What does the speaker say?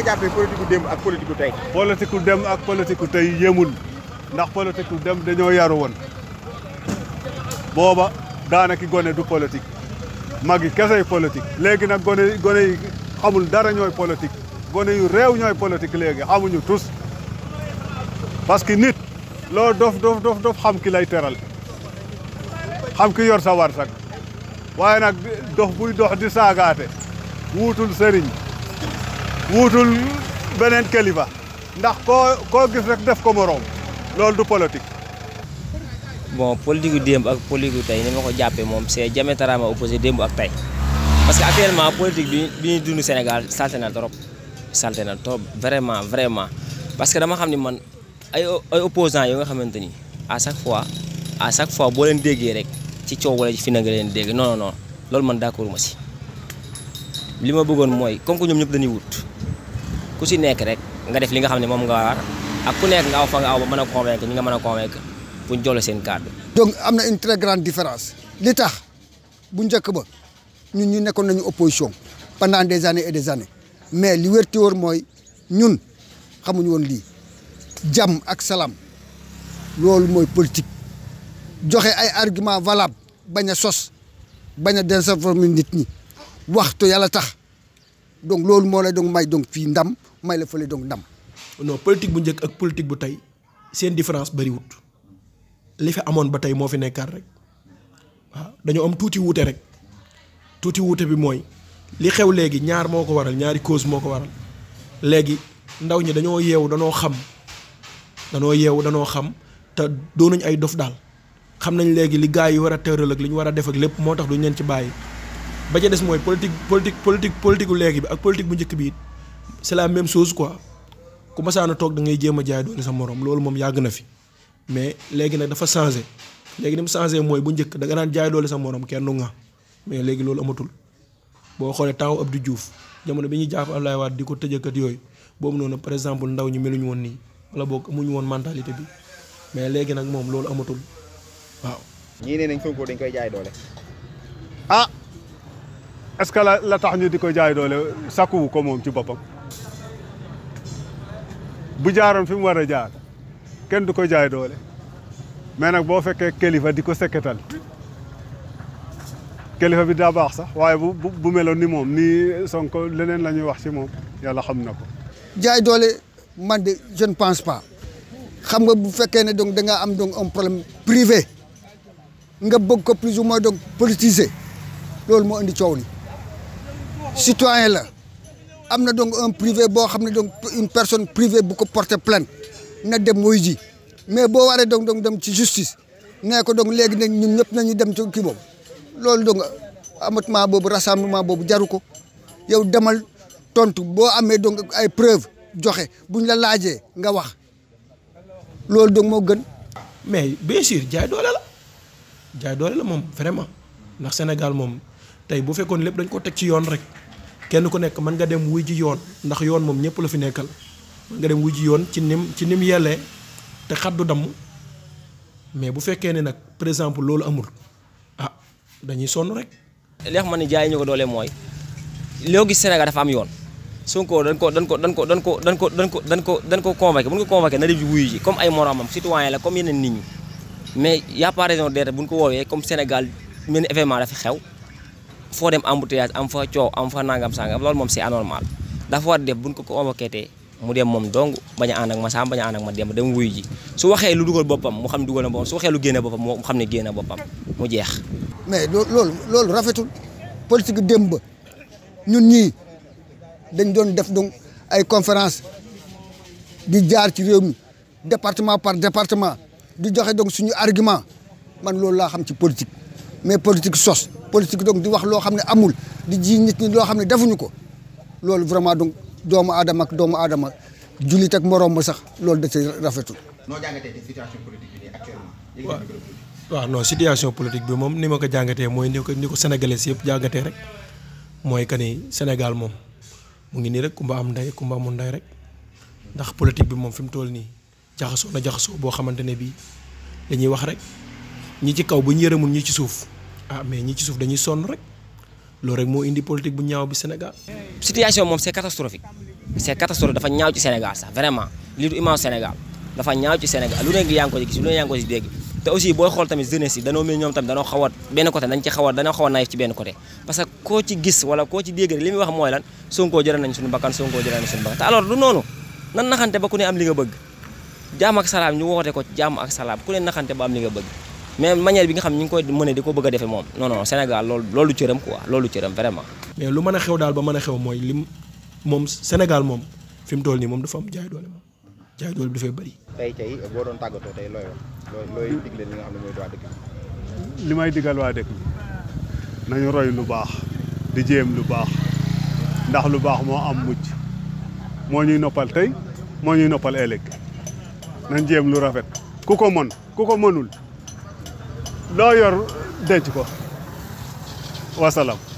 nga jàppee politique démb ak politique tey. politique démb ak politique tey yemul ndax politique démb dañoo yaru woon booba daanaki gone du politique mag yi kesey politique. léegi nag gone gone yi xamul dara ñooy politique gone yu réew ñooy politique léegi xamuñu tous parce que nit loo dof dof dof dof xam ki lay teral xam ki yor sawar war waaye nag dof buy dox di saagaate wuutul sëriñ. wuutul beneen kilifa ndax ko koo gis rek def ko loolu du politique. bon politique gu démb ak politique gu tey ni ma ko jàppee moom c'est diamétralement opposé démb ak tey parce que actuellement politique bi bi ñuy dund Sénégal salté na trop salté na trop vraiment vraiment parce que dama xam ni man ay ay opposants nga xamante ni à chaque fois à chaque fois boo leen déggee rek ci coow wala ci fi na nga leen dégg non non non loolu man d'accord ma si li ma bëggoon mooy comme ñoom ñëpp dañuy wut. ku si nekk rek nga def li nga xam ne moom nga war ak ku nekk nga aw fa nga aw ba mën a convaincre ñi nga mën a convaincre bu ñu seen kàddu. donc am na in très grande différence li tax bu njëkk ba ñun ñu nekkoon nañu opposition pendant des années et des années mais li wér te wóor mooy ñun xamuñu woon lii jàmm ak salaam loolu mooy politique joxe ay argument valable bañ a sos bañ a désinformer nit ñi waxtu yàlla tax donc loolu moo lay doon may donc fii ndam. may la fole donc ndam. non politique bu njëkk ak politique bu tey seen différence bëriwut li fi amoon ba tey moo fi nekkaat rek waaw dañoo am tuuti wuute rek tuuti wuute bi mooy li xew léegi ñaar moo ko waral ñaari cause moo ko waral léegi ndaw ñi dañoo yeewu danoo xam danoo yeewu danoo xam te doonuñ ay dof daal xam nañ léegi li gaa yi war a tëral ak li ñu war a def ak lépp moo tax duñ leen ci bàyyi ba ca des mooy politique politique politique politique léegi bi ak politique bu njëkk bi c'est la même chose quoi ku masaana toog da ngay jéem a jaay doole sa moroom loolu moom yàgg na fi mais léegi nag dafa changé léegi ni mu changé mooy bu njëkk da nga daan jaay doole sa moroom kenn du nga mais léegi loolu amatul boo xoolee taw di Diouf jamono bi ñuy jàpp Abdoulaye Wade di ko tëjëkkat yooyu boobu noonu par exemple ndaw ñi meluñu woon nii wala boog amuñu woon mentalité bi mais léegi nag moom loolu amatul waaw. ñii ne nañ Sonko dañ koy jaay doole ah! est-ce que la la tax ñu di ko jaay doole sakkuwu ko moom ci boppam bu jaaroon fi mu war a jaar kenn du ko jaay doole mais nag boo fekkee kilifa di ko sekketal kilifa bi daa baax sax waaye bu bu meloon ni moom nii Sonko leneen la ñuy wax ci moom yàlla xam na ko. jaay doole man de je pense pas xam nga bu fekkee ne donc da nga am donc un problème privé nga bëgg ko plus ou moins donc politiser loolu moo indi coow li citoyen la am na donc un privé boo xam ne donc une personne privée bu ko porter plainte na dem wuy ji mais boo waree donc donc dem ci justice nee ko donc léegi nag ñun ñëpp nañu dem ci kii boobu loolu dong amatement boobu rassemblement boobu jaru ko yow demal tontu boo amee donc ay preuve joxe buñ la laajee nga wax loolu donc moo gën. mais bien sûr jaay doole la jaay doole la moom vraiment ndax Sénégal moom. tey bu fekkoon lépp dañ ko teg ci yoon rek kenn ku nekk mën nga dem wuy ji yoon ndax yoon moom ñëpp la fi nekkal nga dem wuy yoon ci nim ci nim yellee te xaddu damm mais bu fekkee ne nag par exemple loolu amul ah dañuy sonn rek. li nga xam jaay ñu ko doole mooy loo gis Sénégal dafa am yoon Sonko dañ ko dañ ko dañ ko dañ ko dañ ko dañ ko dañ ko dañ ko convoqué bu ñu ko convoqué na dem wuyu ji comme ay moromam citoyen la comme yeneen nit ñi mais y a pas bu ñu ko woowee comme Sénégal mel ni événement dafa xew. foo dem embouteillage am fa coow am fa nangam sangam loolu moom c'est anormal dafa war def buñ ko convoqué tee mu dem moom dong bañ a ma saam bañ a ànd ma dem dem wuyu ji su waxee lu dugal boppam mu xam ne dugal na boppam su waxee lu génne boppam mu xam ne génne boppam mu jeex. mais loolu loolu rafetul politique démb ñun ñii dañ doon def donc ay conférence di jaar ci réew mi département par département di joxe donc suñu argument man loolu laa xam ci politique mais politique sos. politique donc di wax loo xam ne amul di ji nit ñi loo xam ne defuñu ko loolu vraiment donc doomu aadama ak doomu aadama jullit ak moroom ma sax loolu da ci rafetul. noo jàngatee situation politique bi bi moom ni ma ko jàngatee mooy ni ko ni ko sénégalais yëpp jàngatee rek mooy que ni Sénégal moom mu ngi nii rek kumba am ndey kumba amul ndey rek ndax politique bi moom fi mu toll nii jaxasoo na jaxasoo boo xamante ne bii dañuy wax rek ñi ci kaw bu ñu yërëmul ñi ci suuf. ah mais ñi ci suuf dañuy sonn rek loolu rek moo indi politique bu ñaaw bi Sénégal. situation moom c'est catastrophique c'est catastrophique dafa ñaaw ci Sénégal sax vraiment lii du image Sénégal dafa ñaaw ci Sénégal lu nekk ngi ko gis dégg te aussi booy xool tamit jeunesse yi danoo mel ñoom tamit danoo xaw a benn côté dañ ci xaw a danoo xaw a ci benn côté parce que koo ci gis wala koo ci dégg rek li muy wax mooy lan Sonko jëral nañ suñu bakkan Sonko jëral nañ suñu bakkan te alors ku am bëgg jaam ak salaam ñu woote ko jaam ak salaam ku ne naxante ba bëgg mais manière bi nga xam ñu ngi koy mën a di ko bëgg a defee moom non non loolu loolu cëram loolu cëram vraiment. mais lu mën a xew daal ba mën a xew mooy lim moom Sénégal moom fi mu toll nii moom dafa am jaay doole moom jaay doole bi dafay bëri. tey boo doon tàggatoo tey looy wax looy digle li nga xam ne mooy waa dëkk li may digal waa dëkk bi nañu roy lu baax di jéem lu baax ndax lu baax moo am mujj moo ñuy noppal tey moo ñuy noppal ëllëg nañ jéem lu rafet ku ko mën ku ko mënul. loo yor denc ko wasalaam